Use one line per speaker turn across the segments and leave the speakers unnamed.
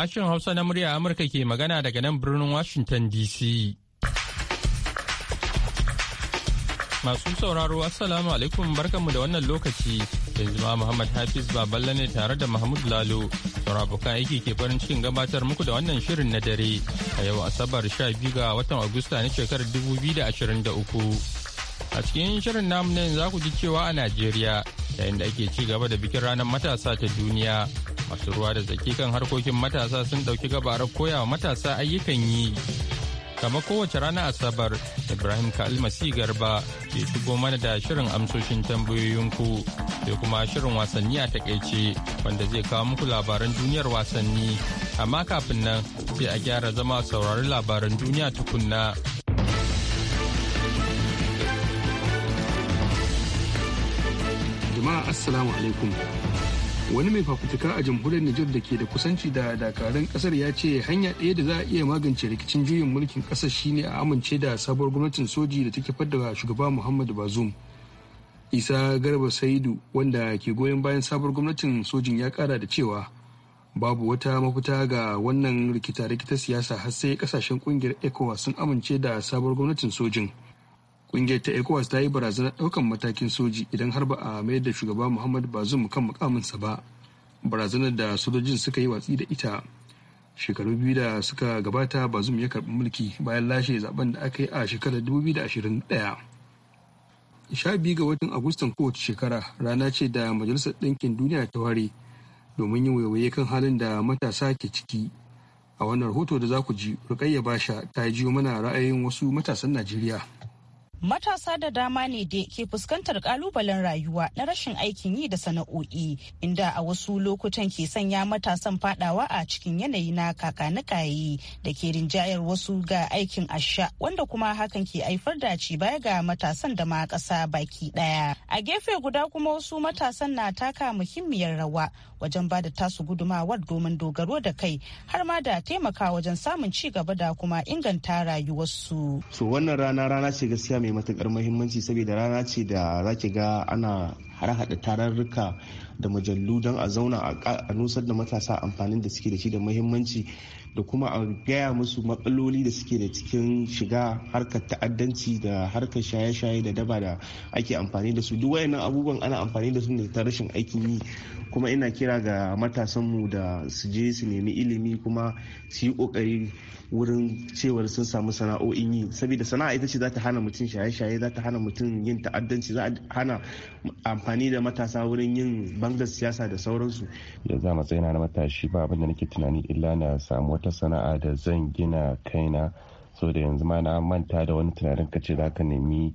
Sashen Hausa na murya Amurka ke magana daga nan birnin Washington DC. Masu sauraro Assalamu alaikum barkanmu da wannan lokaci. Yanzu ma Muhammad Hafiz Baballe ne tare da Mahmud Lalo. Saurabukan aiki ke farin cikin gabatar muku da wannan shirin na dare. A yau Asabar 12 ga watan Agusta na shekarar 2023. A cikin shirin namu nan za ku ji cewa a Najeriya yayin da ake ci gaba da bikin ranar matasa ta duniya masu ruwa da tsaki kan harkokin matasa sun ɗauki gabarar wa matasa ayyukan yi. Kama kowace rana Asabar, Ibrahim Kalmasi Garba ke shigo mana da shirin amsoshin tambayoyinku sai kuma shirin wasanni a takaice wanda zai kawo muku labaran duniyar wasanni. Amma kafin nan sai a gyara zama sauraron labaran duniya tukunna.
jama'a assalamu alaikum wani mai fafutuka a jamhuriyar nijar da ke da kusanci da dakarun kasar ya ce hanya ɗaya da za a iya magance rikicin juyin mulkin kasar shine a amince da sabuwar gwamnatin soji da take fadda shugaba muhammadu bazum isa garba saidu wanda ke goyon bayan sabuwar gwamnatin sojin ya kara da cewa babu wata mafita ga wannan rikita-rikita siyasa har sai kasashen ƙungiyar ecowas sun amince da sabuwar gwamnatin sojin. kungiyar ta ecowas ta yi barazanar daukan matakin soji idan har ba a mayar da shugaba muhammad bazum kan mukaminsa ba barazanar da sojojin suka yi watsi da ita shekaru biyu da suka gabata bazum ya karbi mulki bayan lashe zaben da aka yi a shekarar 2021 sha biyu ga watan agustan kowace shekara rana ce da majalisar ɗinkin duniya ta ware domin yin waiwaye kan halin da matasa ke ciki a wannan rahoto da za ku ji rukayya basha ta jiyo mana ra'ayin wasu matasan najeriya
Matasa da dama ne da ke fuskantar kalubalen rayuwa na rashin aikin yi da sana'o'i inda a wasu lokutan ke sanya matasan fadawa a cikin yanayi na kakanikayi da ke rinjayar wasu ga aikin asha wanda kuma hakan ke haifar da ci baya ga matasan da ma kasa baki ɗaya. A gefe guda kuma wasu matasan na taka muhimmiyar rawa wajen ba da tasu gudumawar domin dogaro da kai har ma da taimaka wajen samun ci gaba da kuma inganta rayuwarsu.
So wannan rana rana ce gaskiya mai matukar mahimmanci saboda rana ce da za ki ga ana harhaɗa tararruka da majallu don a zauna a nusar da matasa amfanin da suke da shi da muhimmanci da kuma a gaya musu matsaloli da suke da cikin shiga harkar ta'addanci da harkar shaye-shaye da daba da ake amfani da su duk wayannan abubuwan ana amfani da su ne ta rashin aikin yi kuma ina kira ga matasanmu da su je su nemi ilimi kuma su yi kokari wurin cewar sun samu sana'o'in yi saboda sana'a ita ce za ta hana mutum shaye-shaye za ta hana mutum yin ta'addanci
za ta hana amfani da matasa wurin yin bangar siyasa da sauransu
yanzu a matsayina na matashi ba abin da nake tunani illa na samu wata sana'a da zan gina kaina so da yanzu ma na manta da wani tunanin ka ce zaka nemi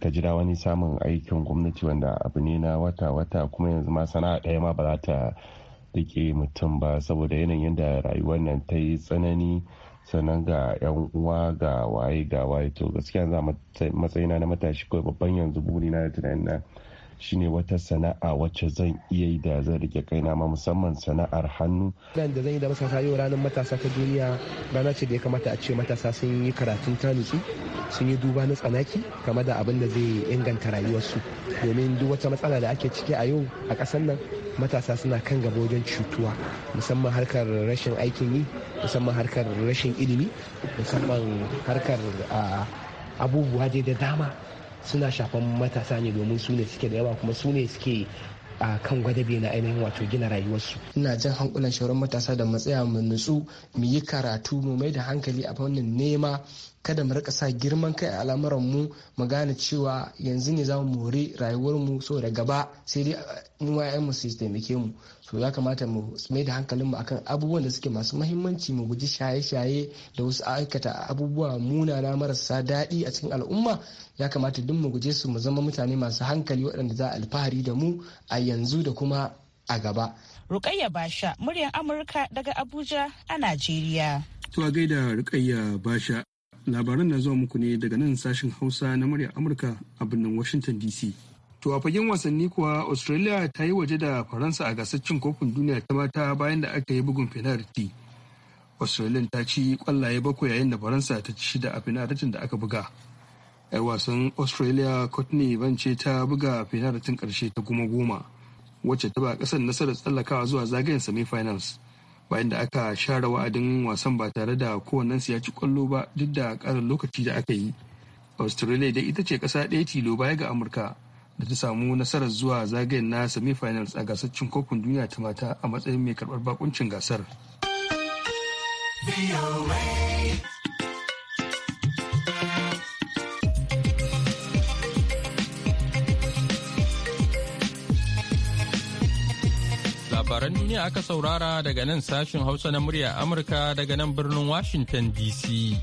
ka jira wani samun aikin gwamnati wanda abu ne na wata-wata kuma yanzu ma sana'a ɗaya ma ba za ta rike mutum ba saboda yanayin da rayuwar nan ta yi tsanani sannan ga yan uwa ga waye ga waye to gaskiya za matsayina na matashi kawai babban yanzu burina da tunanin na shine wata sana'a wacce zan iya yi da zan rike kaina ma musamman sana'ar hannu
nan da zan yi da matasa yau ranar matasa ta duniya rana ce da ya kamata a ce matasa sun yi karatun nutsu sun yi duba na tsanaki game da abin da zai inganta rayuwarsu domin duk wata matsala da ake ciki a yau a ƙasar nan matasa suna kan gaba wajen
cutuwa musamman harkar rashin aikin yi musamman harkar rashin ilimi musamman harkar ah, abubuwa dai da dama suna shafan matasa ne
domin su ne suke da yawa kuma su ne suke a kan gwadabe na ainihin wato gina rayuwarsu. Ina jan hankulan shauran matasa da matsaya mu nutsu mu yi karatu mu mai da hankali a fannin nema kada mu rika sa girman kai a al'amuran mu mu gane cewa yanzu ne za mu more rayuwar mu so da gaba sai dai uh, mu yayan mu su taimake mu so ya kamata mu mai da hankalin mu akan abubuwan da suke masu muhimmanci mu guji shaye-shaye da wasu aikata abubuwa munana marasa daɗi a cikin al'umma ya kamata duk mu guje su mu zama mutane
masu hankali waɗanda za a alfahari da mu a yanzu da kuma a gaba. Rukayya Basha, muryar Amurka daga Abuja a Najeriya.
To a gaida Rukayya Basha. labaran na zuwa muku ne daga nan sashen hausa na murya amurka a birnin washington dc to a fagen wasanni kuwa australia ta yi waje da faransa a gasar cin kofin duniya ta mata bayan da aka yi bugun fenarti australia ta ci kwallaye bakwai yayin da faransa ta ci shida a fenartin da aka buga yar wasan australia courtney ban ce ta buga fenartin karshe ta goma goma wacce ta ba kasar nasarar tsallakawa zuwa zagayen semi-finals bayan da aka share wa'adin wasan ba tare da kowannensu ya ci kwallo ba duk da karin lokaci da aka yi australia dai ita ce kasa ɗaya tilo baya ga amurka da ta samu nasarar zuwa zagayen na semifinals a gasar cin kofin duniya ta mata a matsayin mai karɓar bakuncin gasar.
labaran duniya aka saurara daga nan sashin Hausa na murya Amurka daga nan birnin Washington DC.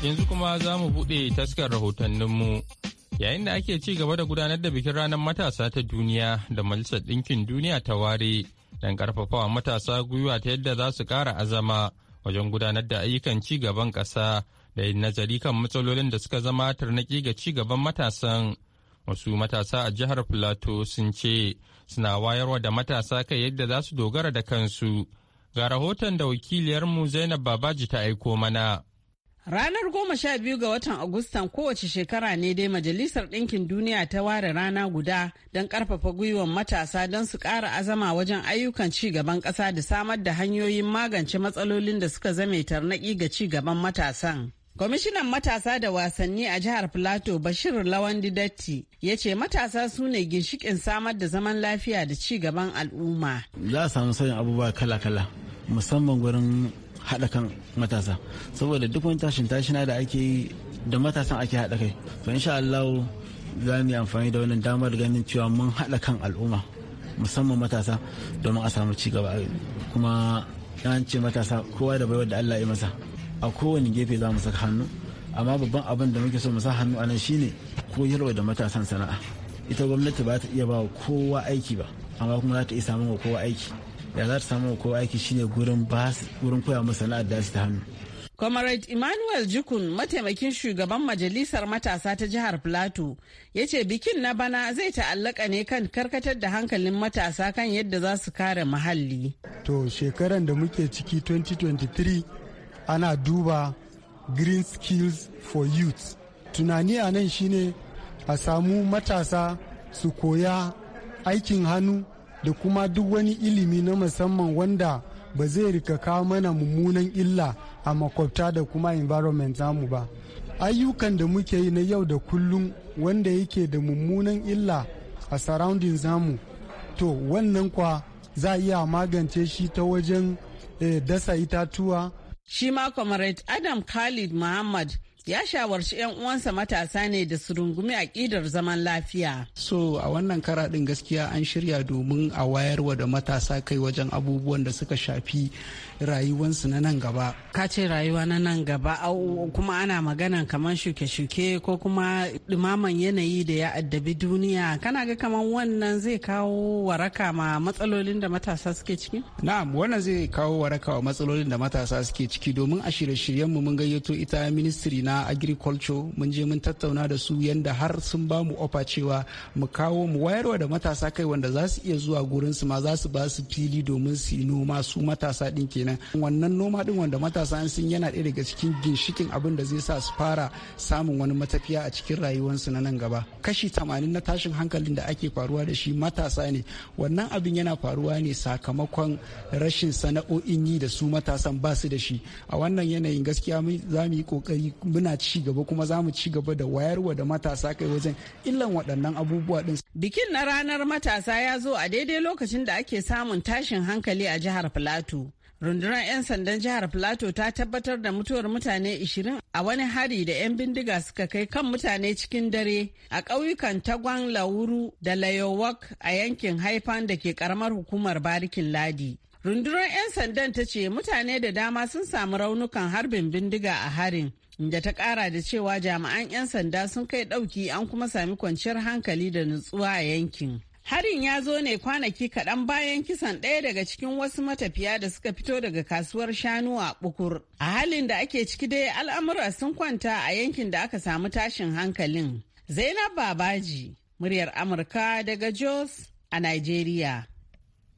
Yanzu kuma za mu buɗe taskar rahotanninmu. Yayin da ake ci gaba da gudanar da bikin ranar matasa ta duniya da Majalisar Ɗinkin Duniya ta ware don karfafawa matasa gwiwa ta yadda za su ƙara azama wajen gudanar da ayyukan ci gaban ƙasa da yin nazari kan matsalolin da suka zama tarnaki ga ci gaban matasan. wasu matasa a jihar plateau sun ce suna wayarwa da matasa kai yadda za su dogara da kansu ga rahoton da wakiliyarmu zainab babaji ta aiko mana
Ranar goma sha biyu ga watan Agustan kowace shekara ne dai Majalisar Ɗinkin Duniya ta ware rana guda don ƙarfafa gwiwar matasa don su ƙara azama wajen ayyukan ci gaban ƙasa da samar da hanyoyin magance matsalolin da suka zame tarnaki ga ci gaban matasan. Kwamishinan matasa da wasanni a jihar Filato Bashir Lawan Didatti ya ce matasa su ne ginshikin samar da zaman lafiya da ci gaban al'umma.
Za a samu sauyin abubuwa kala-kala musamman gurin haɗa kan matasa saboda duk wani tashin tashina da ake yi da matasan ake haɗa kai. To insha Allah za mu yi amfani da wannan damar ganin cewa mun haɗa kan al'umma musamman matasa domin a samu ci gaba kuma an ce matasa kowa da baiwar da Allah ya masa. a kowane gefe za mu saka hannu amma babban abin da muke so mu sa hannu a nan shine koyarwa da matasan sana'a ita gwamnati ba ta iya ba wa kowa aiki ba amma kuma za ta iya samun wa kowa aiki ya za ta samun kowa aiki shine gurin gurin koya musu sana'ar da ta hannu
Comrade Emmanuel Jukun mataimakin shugaban majalisar matasa ta jihar Plateau ya ce bikin na bana zai ta'allaka ne kan karkatar da hankalin matasa kan yadda za su kare muhalli.
To shekaran da muke ciki 2023 ana duba green skills for youth tunani a nan shine a samu matasa su koya aikin hannu da kuma duk wani ilimi na musamman wanda ba zai rika kawo mana mummunan illa a makwabta da kuma environment zamu ba ayyukan da muke yi na yau da kullum wanda yake da mummunan illa a surrounding zamu to wannan kwa za a iya magance shi ta wajen eh, dasa itatuwa
Shi ma Comrade Adam Khalid Muhammad ya shawarci 'yan uwansa matasa ne da su rungumi aƙidar zaman lafiya.
So a wannan
kara ɗin gaskiya an shirya domin a wayarwa da matasa kai wajen abubuwan da suka shafi rayuwansu na nan gaba. ka ce rayuwa na nan gaba kuma ana magana kamar shuke-shuke ko kuma dumaman yanayi da ya addabi duniya kana ga kamar wannan zai kawo waraka ma matsalolin da matasa suke ciki na'am wannan zai kawo
waraka wa matsalolin da matasa suke ciki domin a shirye-shiryen mu mun gayyato ita ministry na agriculture mun je mun tattauna da su yanda har sun ba mu ofa cewa mu kawo mu wayarwa da matasa kai wanda za su iya zuwa gurin su ma za su ba su fili domin su yi noma su matasa din kenan wannan noma din wanda matasa matasa an yana ɗaya daga cikin ginshikin abin da zai sa su fara samun wani matafiya a cikin rayuwarsu na nan gaba kashi tamanin na tashin hankalin da ake faruwa da shi matasa ne wannan abin yana faruwa ne sakamakon rashin sana'o'in yi da su matasan ba su da shi a wannan yanayin gaskiya za mu yi kokari muna ci gaba kuma za mu ci gaba da wayarwa da matasa kai wajen illan waɗannan abubuwa din
bikin na ranar matasa ya zo a daidai lokacin da ake samun tashin hankali a jihar plateau rundunar 'yan sandan jihar plateau ta tabbatar da mutuwar mutane 20 a wani hari da 'yan bindiga suka kai kan mutane cikin dare a ƙauyukan tagwan lauru da layowak a yankin haifan da ke karamar hukumar barikin ladi rundunar 'yan sandan ta ce mutane da dama sun samu raunukan harbin bindiga a harin da ta kara da cewa jami'an 'yan sanda sun kai ɗauki an kuma sami kwanciyar hankali da nutsuwa a yankin Harin ya zo ne kwanaki kaɗan bayan kisan ɗaya daga cikin wasu matafiya da suka fito daga kasuwar shanu a Bukur. A halin da ake ciki dai al'amura sun kwanta a yankin da aka samu tashin hankalin. Zainab Babaji, muryar Amurka daga Jos a Nigeria.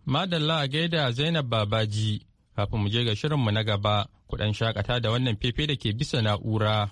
Madalla a gaida Zainab Babaji, kafin mu je ga shirinmu na gaba, kuɗan shakata da wannan fefe da ke bisa na'ura.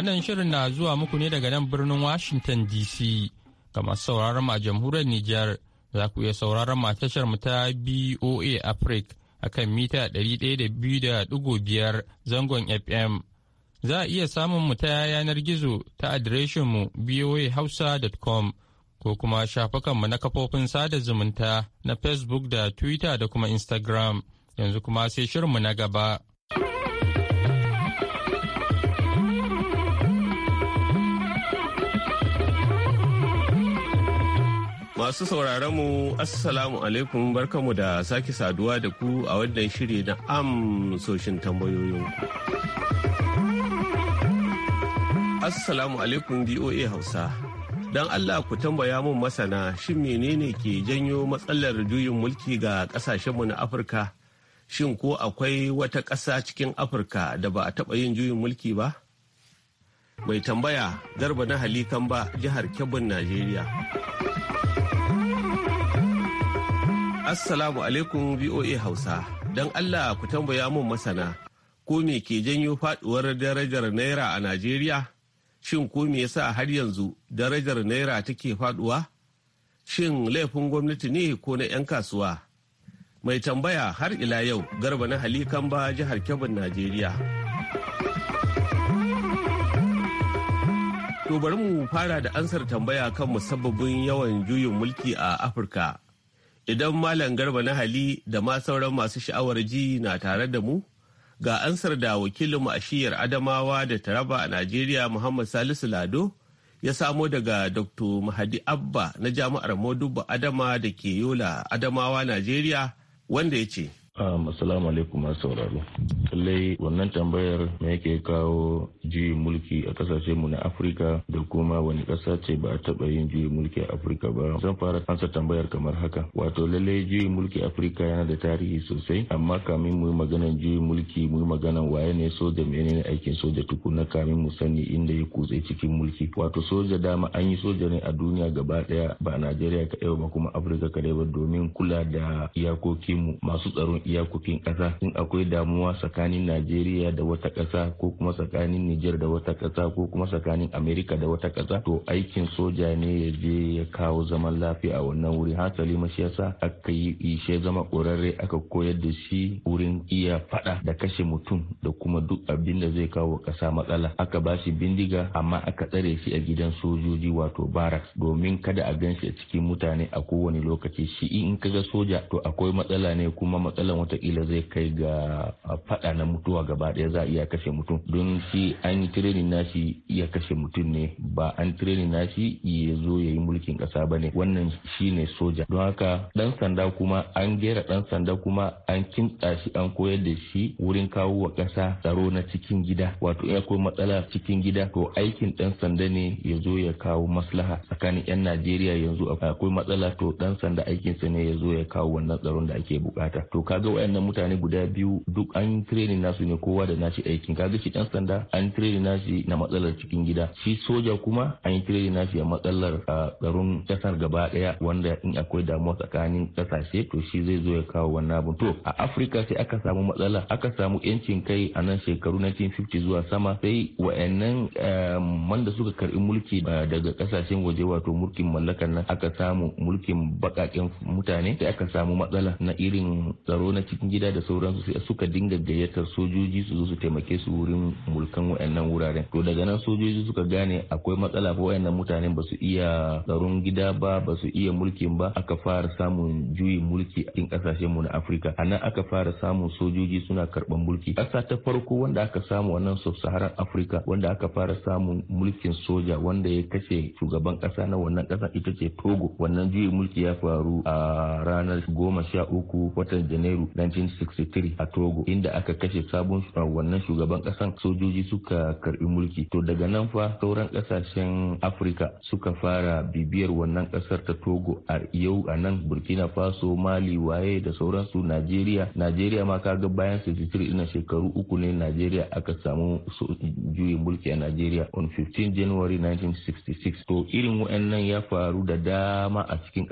Wannan shirin na zuwa muku ne daga nan birnin Washington DC. kamar masu sauraron a jamhuriyar Nijar za ku iya sauraron ma tashar mu ta BOA Africa a kan mita 102.5 zangon FM. Za a iya samun mu ta yanar gizo ta adireshin mu boahausa.com ko kuma shafukanmu na kafofin sada zumunta na Facebook da Twitter da kuma Instagram. Yanzu kuma sai shirinmu na gaba.
Masu sauraron mu Assalamu alaikum barkamu da sake saduwa da ku a wannan shiri na amsoshin tambayoyin. Assalamu alaikum DOA Hausa. Don Allah ku tambaya mun masana shin menene ke janyo matsalar juyin mulki ga kasashenmu na Afirka? Shin ko akwai wata ƙasa cikin Afirka da ba a taɓa yin juyin mulki ba? Mai tambaya garba na halikan ba jihar Kebbin Najeriya. Assalamu alaikum VOA Hausa. Don Allah ku tambaya mun masana, ko me ke janyo faduwar darajar Naira a Najeriya? Shin ko me yasa har yanzu darajar Naira take faduwa? Shin laifin gwamnati ne ko na 'yan kasuwa? Mai tambaya har ila yau garba na halikan ba jihar Kebbin Najeriya. To bari mu fara da ansar tambaya kan musabbabin yawan juyin mulki a Afirka Idan Malam Garba na Hali da ma sauran masu sha'awar ji na tare da mu, ga ansar da wakilinmu a shiyar Adamawa da Taraba a Najeriya Muhammad Salisu Lado ya samo daga Dr. Mahadi Abba na Jami'ar Modubba Adama da ke Yola Adamawa Najeriya wanda ya ce.
Assalamu alaikum masu sauraro. Lallai wannan tambayar me yake kawo juyin mulki a kasashe mu na Afirka da kuma wani kasa ce ba a taba yin juyin mulki a Afirka ba. Zan fara ansa tambayar kamar haka. Wato lallai juyin mulki Afirka yana da tarihi sosai amma kamin mu yi maganar juyin mulki mu yi maganar waye ne soja ne aikin soja tukuna kamin mu sani inda ya kutse cikin mulki. Wato soja dama an yi soja ne a duniya gaba ɗaya ba Najeriya kaɗai ba kuma Afirka kaɗai ba domin kula da iyakokinmu masu tsaron iyakokin ƙasa in akwai damuwa tsakanin najeriya da wata ƙasa ko kuma tsakanin Nijar da wata ƙasa ko kuma tsakanin amerika da wata ƙasa to aikin soja ne ya je ya kawo zaman lafiya a wannan wuri hasali ma shi yasa aka yi ishe zama ƙorarre aka koyar da shi wurin iya faɗa da kashe mutum da kuma duk abin da zai kawo ƙasa matsala aka ba shi bindiga amma aka tsare shi a gidan sojoji wato barracks domin kada a gan shi a cikin mutane a kowane lokaci shi in kaga soja to akwai matsala ne kuma matsala matsalan watakila zai kai ga faɗa na mutuwa gaba daya za a iya kashe mutum don shi an yi tirenin nashi iya kashe mutum ne ba an tirenin nashi ya zo ya yi mulkin kasa ba ne wannan shi ne soja don haka dan sanda kuma an gera ɗan sanda kuma an kinta shi an koyar da shi wurin kawo wa kasa tsaro na cikin gida wato in akwai matsala cikin gida to aikin dan sanda ne ya zo ya kawo maslaha tsakanin yan najeriya yanzu akwai matsala to dan sanda aikinsa ne ya zo ya kawo wannan tsaron da ake bukata to ka kaga wayannan mutane guda biyu duk an training nasu ne kowa da nashi aikin kaga shi dan sanda an training nashi na matsalar cikin gida shi soja kuma an yi training nashi a matsalar tsaron kasar gaba daya wanda in akwai damuwa tsakanin kasashe to shi zai zo ya kawo wannan abun to a Afirka sai aka samu matsala aka samu yancin kai a nan shekaru 1950 zuwa sama sai wayannan da suka karbi mulki daga kasashen waje wato mulkin mallakar nan aka samu mulkin bakaken mutane sai aka samu matsala na irin tsaro na cikin gida da sauransu sai suka dinga gayyatar sojoji su zo su taimake su wurin mulkan wayannan wuraren to daga nan sojoji suka gane akwai matsala ba wayannan mutanen ba su iya tsaron gida ba ba su iya mulkin ba aka fara samun juyin mulki a cikin kasashen mu na Afirka a nan aka fara samun sojoji suna karban mulki ƙasa ta farko wanda aka samu wannan sub-saharan Afirka wanda aka fara samun mulkin soja wanda ya kashe shugaban ƙasa na wannan ƙasa ita ce Togo wannan juyin mulki ya faru a ranar goma sha uku watan Janairu Fabrairu 1963 a Togo inda aka kashe sabon wannan shugaban kasan sojoji suka karbi mulki to daga nan fa sauran kasashen afrika suka fara bibiyar wannan kasar ta Togo a yau a nan Burkina Faso Mali waye da sauransu Najeriya Najeriya ma kaga bayan 63 ina shekaru uku ne Najeriya aka samu juyin mulki a Najeriya on 15 January 1966 to irin wa'annan ya faru da dama a cikin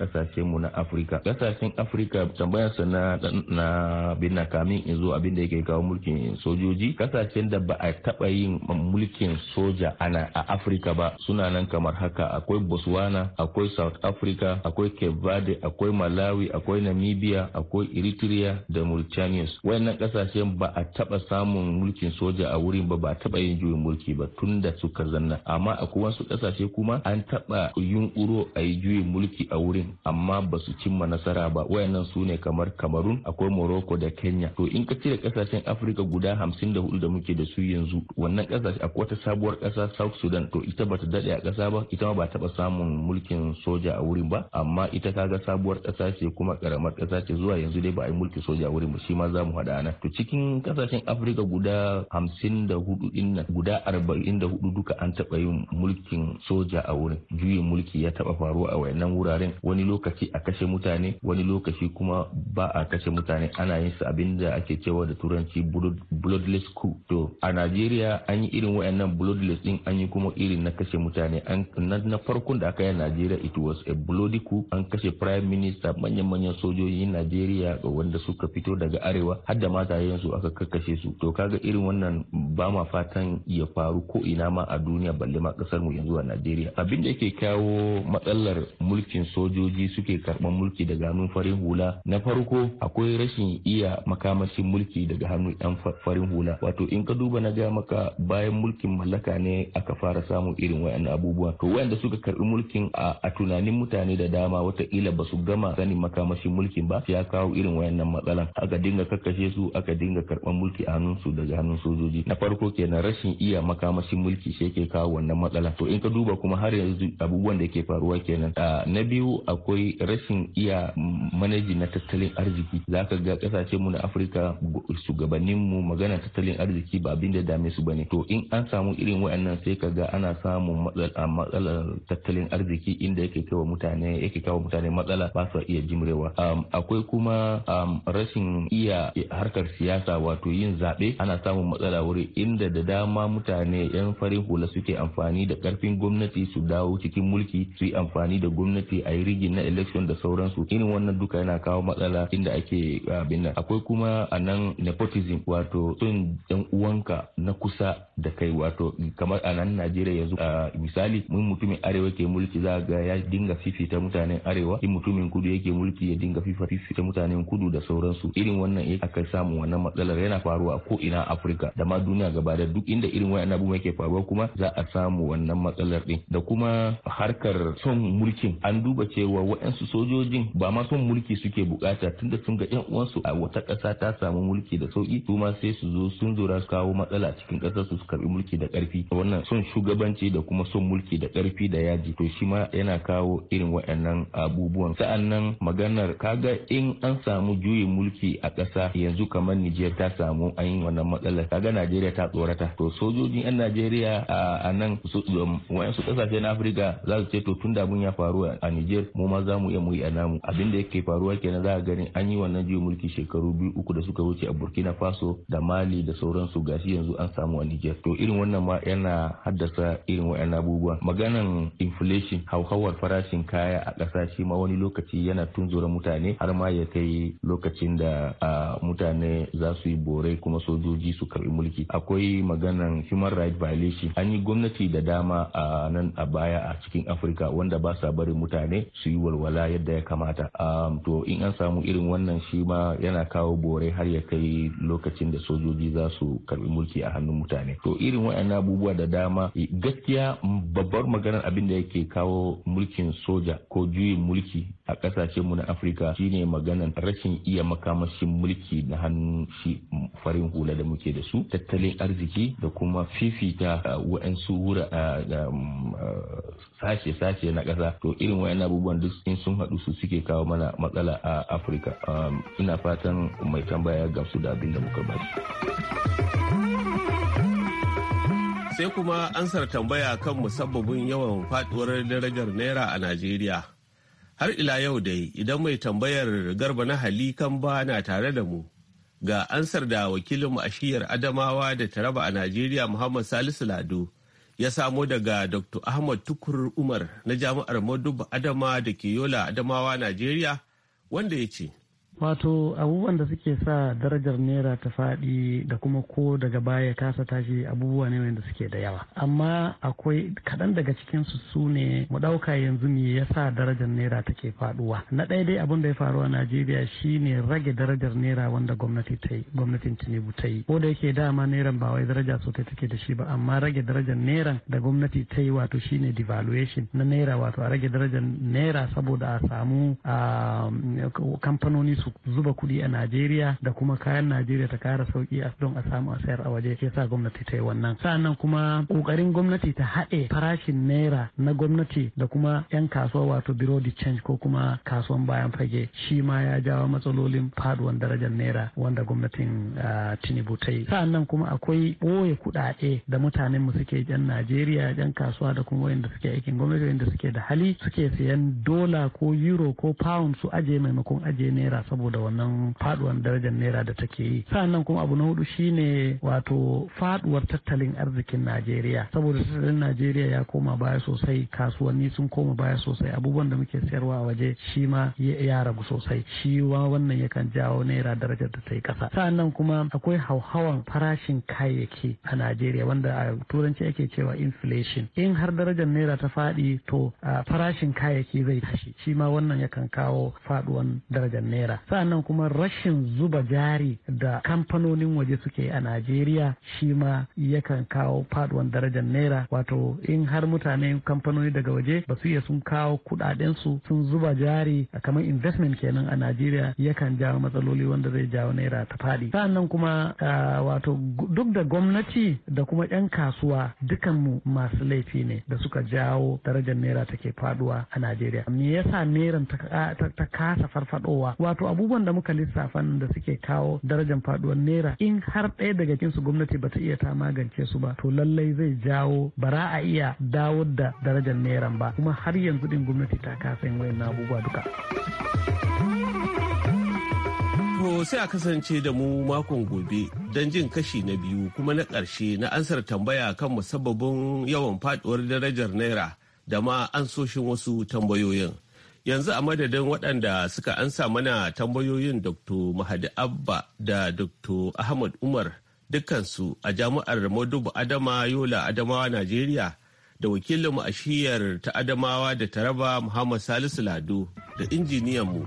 mu na Afirka kasashen Afirka tambayarsa na na binna kamin in zo abin da yake kawo mulkin sojoji kasashen da ba a taba yin mulkin soja ana a afirka ba suna nan kamar haka akwai botswana akwai south africa akwai cape verde akwai malawi akwai namibia akwai eritrea da mauritania wayannan kasashen ba a taba samun mulkin soja a wurin ba ba taba yin juyin mulki ba tun da suka zanna amma akwai wasu kasashe kuma an taba yunkuro a yi juyin mulki a wurin amma ba su cimma nasara ba wayannan su ne kamar kamarun akwai kamar morocco da kenya to in ka cire kasashen afirka guda hamsin da muke da su yanzu wannan kasashe akwai wata sabuwar kasa south sudan to ita bata dade a kasa ba ita ma ba taba samun mulkin soja a wurin ba amma ita kaga sabuwar kasa ce kuma karamar kasa ce zuwa yanzu dai ba a yi mulkin soja a wurin ba shi ma za mu haɗa nan to cikin kasashen afirka guda hamsin din nan guda arba'in duka an taba yin mulkin soja a wurin juyin mulki ya taba faruwa a wayannan wuraren wani lokaci a kashe mutane wani lokaci kuma ba a kashe mutane mutane ana yin su abin da ake cewa da turanci bloodless coup to a najeriya an yi irin wayannan bloodless din an yi kuma irin na kashe mutane na farkon da aka yi a najeriya it was a bloody coup an kashe prime minister manyan-manyan sojojin najeriya wanda suka fito daga arewa har da matayensu aka kakkashe su to kaga irin wannan ba ma fatan ya faru ko ina ma a duniya balle ma kasar mu yanzu a najeriya abin da ke kawo matsalar mulkin sojoji suke karɓar mulki daga nun farin hula na farko akwai rashin iya makamashin mulki daga hannun yan farin hula wato in ka duba na gaya maka bayan mulkin mallaka ne aka fara samun irin wayannan abubuwan to wayanda suka karbi mulkin a tunanin mutane da dama watakila ba su gama sanin makamashin mulkin ba ya kawo irin wayannan matsalan aka dinga kakkashe su aka dinga karban mulki a hannun su daga hannun sojoji na farko kenan rashin iya makamashin mulki shi yake kawo wannan matsala to in ka duba kuma har yanzu abubuwan da ke faruwa kenan na biyu akwai rashin iya manaji na tattalin arziki za aka ga kasashe mu na Afirka shugabannin mu magana tattalin arziki ba abin da dame su bane to in an samu irin wayannan sai ka ga ana samun matsalar tattalin arziki inda yake kawo mutane yake kawo mutane matsala ba su iya jimrewa akwai kuma rashin iya harkar siyasa wato yin zaɓe ana samun matsala wuri inda da dama mutane yan farin hula suke amfani da karfin gwamnati su dawo cikin mulki su yi amfani da gwamnati a yi rigin na election da sauransu irin wannan duka yana kawo matsala inda ake abin nan akwai kuma a nan nepotism wato son yan uwanka na kusa da kai wato kamar a nan Najeriya yanzu a misali mun mutumin arewa ke mulki za ga ya dinga fifita mutanen arewa in mutumin kudu yake mulki ya dinga fifita mutanen kudu da sauransu irin wannan ya eh, aka samu wannan matsalar yana faruwa ko ina Afirka da ma duniya gaba da duk inda irin wayannan abu yake faruwa kuma za a samu wannan matsalar din da kuma harkar son mulkin an duba cewa waɗansu sojojin ba ma son mulki suke bukata tunda sun ga yan uwansu a wata ƙasa ta samu mulki da sauki su ma sai su zo sun zura su kawo matsala cikin ƙasar su su karɓi mulki da ƙarfi wannan son shugabanci da kuma son mulki da ƙarfi da yaji to shi ma yana kawo irin waɗannan abubuwan sa'annan maganar kaga in an samu juyin mulki a ƙasa yanzu kamar Nijar ta samu an yi wannan matsalar kaga Najeriya ta tsorata to sojojin 'yan Najeriya a nan ƙasashe um, ƙasashen Afirka za su ce to tun da mun ya faru a Nijar mu ma za mu iya mu yi a namu abin da yake faruwa kenan za a gani an yi wannan juyin juyin mulki shekaru biyu uku da suka wuce a burkina faso da mali da sauransu gashi yanzu an samu a niger to irin wannan ma yana haddasa irin wa'yan abubuwa maganan inflation hauhawar farashin kaya a ƙasa shi ma wani lokaci yana tunzura mutane har ma ya kai lokacin da mutane za su yi borai kuma sojoji su karbi mulki akwai maganan human right violation an yi gwamnati da dama a nan a baya a cikin afirka wanda ba sa barin mutane su yi walwala yadda ya kamata to in an samu irin wannan shi kuma yana kawo borai har ya kai lokacin da sojoji za su karbi mulki a hannun mutane to irin wayan abubuwa da dama eh, gaskiya babbar maganar abin da yake kawo mulkin soja ko juyin mulki a kasashen mu na afirka shine maganar rashin iya makamashin mulki na hannun shi farin hula da muke da su tattalin arziki da kuma fifita ah, wa'ansu wura sashe-sashe mm, ah, na kasa to irin wayan abubuwan duk sun haɗu su suke kawo mana matsala a afirka um, ina fatan mai tambaya ya gamsu da abin da muka ba
sai kuma ansar tambaya kan musabbabin yawan faduwar darajar naira a najeriya har ila yau dai idan mai tambayar garba na hali kan ba na tare da mu ga ansar da wakilin ashiyar adamawa da taraba a najeriya muhammad salisu lado ya samo daga dr ahmad tukur umar na jami'ar maduba adama da ke yola adamawa najeriya wanda ya ce
wato abubuwan da suke sa darajar naira ta faɗi da kuma ko daga baya kasa tashi abubuwa ne wanda suke da yawa amma akwai kaɗan daga cikin su su mu ɗauka yanzu me yasa darajar naira take faɗuwa na ɗaya dai abin da ya faru a najeriya shine rage darajar naira wanda gwamnati ta yi gwamnatin tinubu ta yi ko da yake dama naira ba wai daraja sosai take da shi ba amma rage darajar naira da gwamnati ta yi wato shine devaluation na naira wato a rage darajar naira saboda a samu kamfanoni su su zuba kuɗi a Najeriya da kuma kayan Najeriya ta kara sauki don a samu a sayar a waje ke sa gwamnati ta yi wannan. Sa'annan kuma kokarin gwamnati ta haɗe farashin naira na gwamnati da kuma 'yan kasuwa wato birodi change ko kuma kasuwan bayan fage shi ma ya jawo matsalolin faduwan darajar naira wanda gwamnatin Tinubu ta yi. Sa'annan kuma akwai ɓoye kuɗaɗe da mutanen mu suke yan Najeriya yan kasuwa da kuma wayanda suke aikin gwamnati wayanda suke da hali suke sayan dola ko euro ko pound su aje maimakon aje naira saboda wannan faduwar darajar naira da take yi sannan kuma abu na hudu shine wato faduwar tattalin arzikin najeriya saboda tattalin najeriya ya koma baya sosai kasuwanni sun koma baya sosai abubuwan da muke sayarwa a waje shi ma ya ragu sosai shi wa wannan yakan jawo naira darajar da ta yi kasa sannan kuma akwai hauhawan farashin kayayyaki a najeriya wanda a turanci ake cewa inflation in har darajar naira ta faɗi to farashin kayayyaki zai tashi shi ma wannan yakan kawo faduwan darajar naira sa'annan kuma rashin zuba jari da kamfanonin waje suke a najeriya shi ma yakan kawo faduwan darajar naira wato in har mutane kamfanoni daga waje ba su iya sun kawo kudaden su sun zuba jari kamar investment kenan a najeriya yakan jawo matsaloli wanda zai jawo naira ta fadi sa'annan kuma wato duk da gwamnati da kuma 'yan kasuwa dukan mu masu laifi ne da suka jawo darajar naira take faduwa a najeriya me yasa naira ta kasa farfadowa wato abubuwan da muka lissafa da suke kawo darajar faduwar naira in har ɗaya daga cikin su gwamnati ba ta iya ta magance su ba to lallai zai jawo bara a iya dawo da darajar nairan ba kuma har yanzu din gwamnati ta kasa yin wayannan abubuwa duka.
To sai a kasance da mu makon gobe don jin kashi na biyu kuma na ƙarshe na ansar tambaya kan musabbabin yawan faduwar darajar naira da ma ansoshin wasu tambayoyin. yanzu a madadin waɗanda suka ansa mana tambayoyin dr mahadi abba da dr ahmad umar dukansu a jami'ar modubu adama yola adamawa najeriya da wakilinmu a shiyar ta adamawa da taraba muhammad salisu lado da injiniyanmu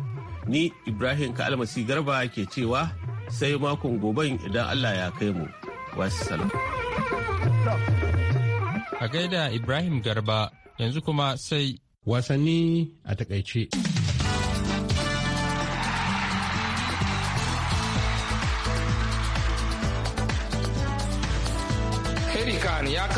ni ibrahim kalmasi garba ke cewa sai makon goben idan allah ya kai mu wassalam
a gaida ibrahim garba yanzu kuma sai Wasanni a takaice.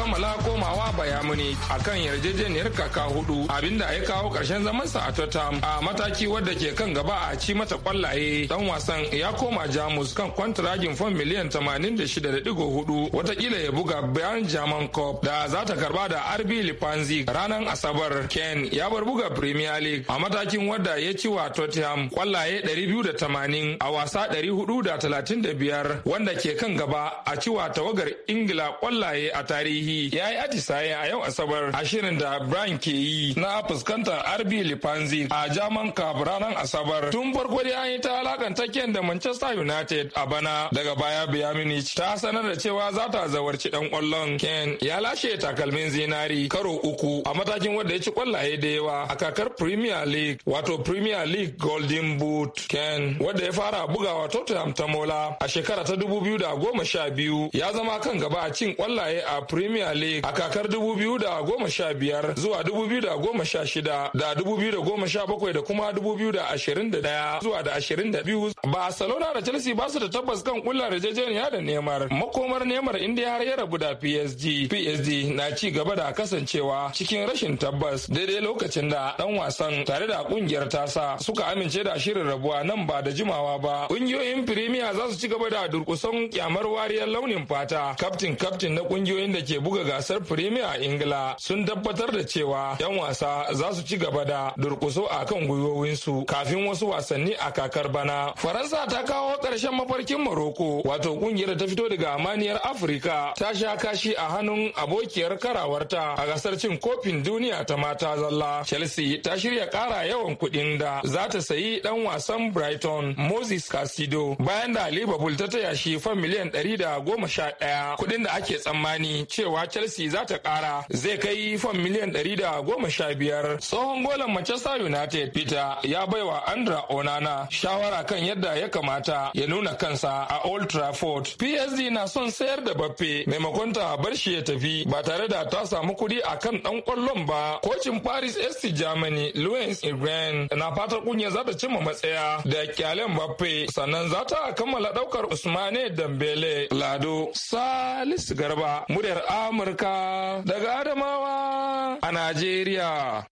kammala komawa bayamuni a kan yarjejeniyar kaka hudu abinda ya kawo karshen zamansa a Tottenham a mataki wadda ke kan gaba a ci mata kwallaye dan wasan ya koma Jamus kan kwantiragin fam miliyan 86.4 watakila ya buga bayan German Cup da za ta karba da RB Leipzig ranar Asabar Ken ya bar buga Premier League a matakin wadda ya ci wa Tottenham kwallaye 280 a wasa biyar wanda ke kan gaba a ciwa tawagar Ingila kwallaye a tarihi ya yi atisaye a yau Asabar a shirin da Brian ke yi na fuskantar RB Lipanzi a Jaman Cup ranar Asabar. Tun farko da an yi ta alakanta Ken da Manchester United a bana daga baya biya Bayern ta sanar da cewa za ta zawarci dan kwallon Ken ya lashe takalmin zinari karo uku a matakin wanda ya ci kwallaye da yawa a kakar Premier League wato Premier League Golden Boot Ken wanda ya fara bugawa Tottenham ta mola a shekara ta 2012 ya zama kan gaba a cin kwallaye a Premier Ali a kakar 2015 zuwa 2016 da 2017 da kuma 2021 zuwa da 22 Barcelona da Chelsea ba su da tabbas kan da yarjejeniya da Neymar makomar Neymar inda har ya rabu da PSG PSG na ci gaba da kasancewa cikin rashin tabbas daidai lokacin da dan wasan tare da kungiyar tasa suka amince da shirin rabuwa nan ba da jimawa ba kungiyoyin Premier za su ci gaba da durkusan kyamar wariyar launin fata kaftin kaftin na kungiyoyin da ke buga buga gasar Premier a Ingila sun tabbatar da cewa 'yan wasa za su ci gaba da durkuso a kan gwiwowinsu kafin wasu wasanni a kakar bana. Faransa ta kawo ƙarshen mafarkin Maroko, wato kungiyar ta fito daga amaniyar Afirka ta sha kashi a hannun abokiyar karawarta a gasar cin kofin duniya ta mata zalla. Chelsea ta shirya ƙara yawan kuɗin da za ta sayi ɗan wasan Brighton Moses Casido bayan da Liverpool ta taya shi fan miliyan ɗari da goma sha ɗaya kuɗin da ake tsammani cewa Chelsea za ta kara zai kai fam miliyan ɗari da goma sha biyar. Tsohon golan Manchester United Peter ya baiwa Andra Onana shawara kan yadda ya kamata ya nuna kansa a Old Trafford. PSG na son sayar da baffe maimakon ta bar shi ya tafi ba tare da ta samu kuɗi a kan ɗan ƙwallon ba. Kocin Paris SC Germany Louis Igren na fatar kungiyar za ta cimma matsaya da kyalen baffe sannan za ta kammala ɗaukar Usmane Dambele Lado Salisu Garba muryar a. Amurka daga Adamawa a Najeriya.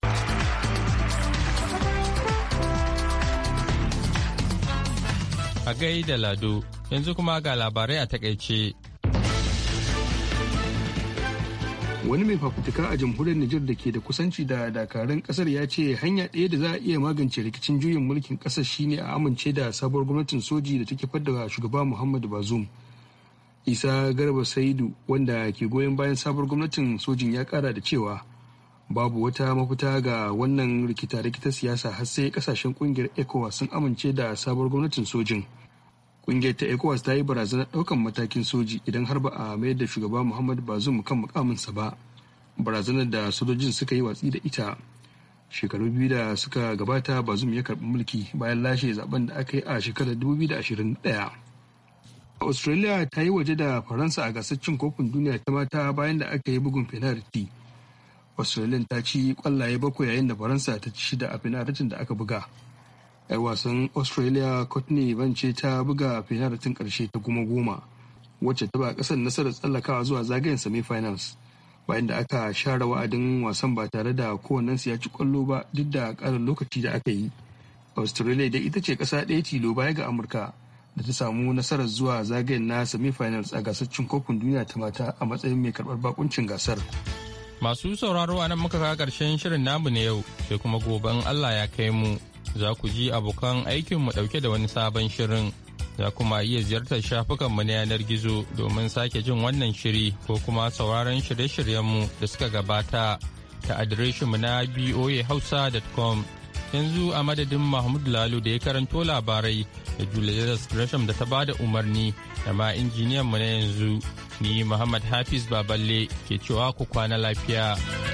A gai da Lado, yanzu kuma ga labarai a takaice.
Wani mai fafutuka a jamhuriyar Nijar da ke da kusanci da dakarun kasar ya ce hanya ɗaya da za a iya magance rikicin juyin mulkin ƙasar shine a amince da sabuwar gwamnatin soji da take fadda shugaba Muhammadu Bazoum. isa garba saidu wanda ke goyon bayan sabon gwamnatin sojin ya kara da cewa babu wata mafita ga wannan rikita-rikita siyasa har sai kasashen kungiyar ecowas sun amince da sabon gwamnatin sojin kungiyar ta ecowas ta yi barazanar daukan matakin soji idan har ba a mayar da shugaba muhammad bazum kan mukaminsa ba barazanar da sojojin suka yi watsi da ita shekaru biyu da suka gabata bazum ya karbi mulki bayan lashe zaben da aka yi a shekarar 2021 Australia ta yi waje da Faransa a gasar cin kofin duniya ta mata bayan da aka yi bugun fenalti. Australia ta ci kwallaye bakwai yayin da Faransa ta ci shida a fenartin da aka buga. 'Yar wasan Australia Courtney Vance ta buga fenartin karshe ta goma goma, wacce ta ba kasar nasarar tsallakawa zuwa zagayen semi-finals. Bayan da aka share wa'adin wasan ba tare da kowannensu ya ci kwallo ba duk da ƙarin lokaci da aka yi. Australia da ita ce kasa ɗaya tilo baya ga Amurka da ta samu nasarar zuwa zagayen na semifinals a gasar cin kofin duniya ta mata a matsayin mai karbar bakuncin gasar.
Masu sauraro a nan muka kawo karshen shirin namu na yau sai kuma goben Allah ya kai mu za ku ji abokan aikin mu ɗauke da wani sabon shirin za kuma iya ziyartar mu na yanar gizo domin sake jin wannan shiri ko kuma sauraron shirye shiryen mu da suka gabata ta mu na boahausa.com. yanzu a madadin mahmud lalu da ya karanto labarai da julius gresham da ta ba da umarni da ma injiniyan mu na yanzu ni muhammad hafiz baballe ke cewa ku kwana lafiya